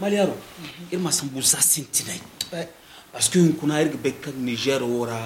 maliyaro m'a sambu za sintinai parce que kuna irga bekka niger wora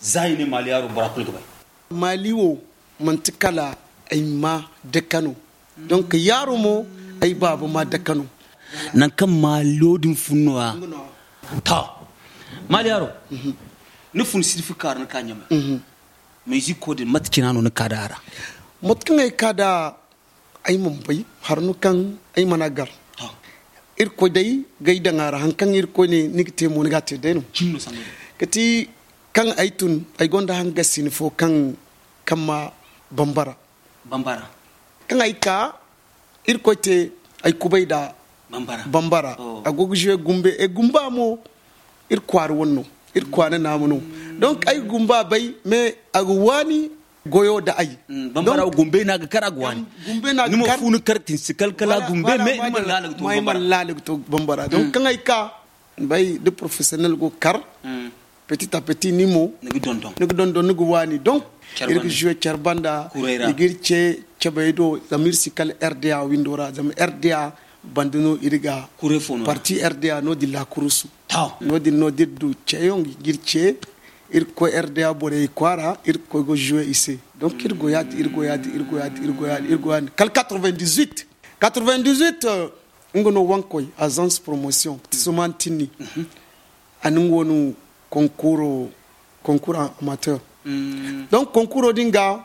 zaine maliyaro burakul gaba maliwo oh, mantikala ay ma de kano donc yaro mo ay babu ma de nan kan ma lodin funnoa ta maliyaro ne fun sirfi karni mais mai ziko da matkina no kada matkin ay kada ay mun bai har ay managar irko dai gai da ngara hankan irko ne nigte mu ga te denu kati kan aitun ai gonda hanga fo kan kama bambara bambara kan ka irko te ai kubai da bambara bambara oh. je gumbe e gumba mo ar wonno na namuno mm. donc ai gumba bai me agwani goyo da ai mm, gumbe na ga kara gwani gumbe na numa funu si de mm. professionnel go kar mm. petit à petit nimo nigi donc RDA windora zam RDA bandino iriga fono parti RDA no di la kurusu taw no di no du cheyong girche irko RDA bore kwara irko go jouer ici donc irgo yadi irgo yadi il yadi irgo yadi irgo yadi kal 98 98 ngono wankoy agence promotion tisumantini mm -hmm. anungonu concours concours amateur mm. donc concours dinga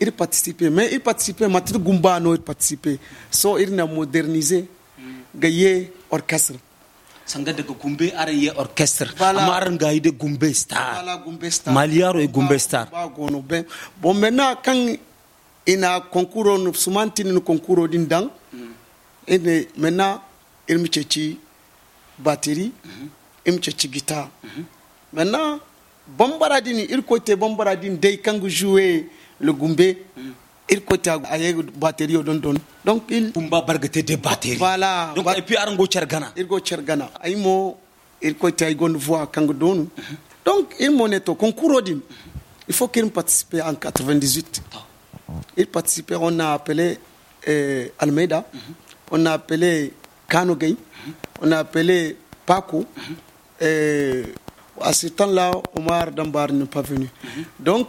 il participait mais il participait gumba no il participait so il na modernisé mm. gayé orchestre sanga daga gumbe ara ye orchestre voilà. amma gumbe star maliaro e gumbe star ba gono bon maintenant kan ina concours no sumanti no concours din dan mm. ene maintenant il me batterie hmm. il me guitare hmm. maintenant bambara din il côté bambara din dey kangu jouer le gumbe hmm. il côté ayé batterie don don donc il kumba bargate de batterie voilà donc et puis arango chergana il go chargana aimo il ko tay gon voix kango donu donc il moneto concours odim il faut qu'il participe en 98 il participait on a appelé euh, Almeida on a appelé Kano Gay on a appelé Paco et eh, à ce temps-là Omar Dambar n'est pas venu donc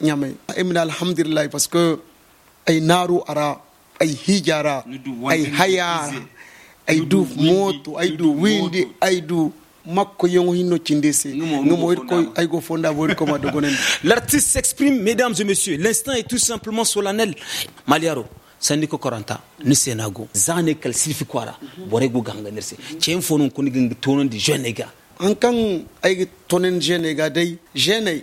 ñamay emina alhamdulillahi parce que ay naaru ara ay hijara ay haya ay du moto ay du windi ay du makko yongo hinno cindese ngumo wori ko ay go fonda wori ko ma dogonen l'artiste s'exprime mesdames et messieurs l'instant est tout simplement solennel maliaro sandiko koranta ni senago zane kal silfi kwara bore go ganga nerse cem fonun koni gangi tonon di jeune ga kan ay tonen jeune ga dai jeune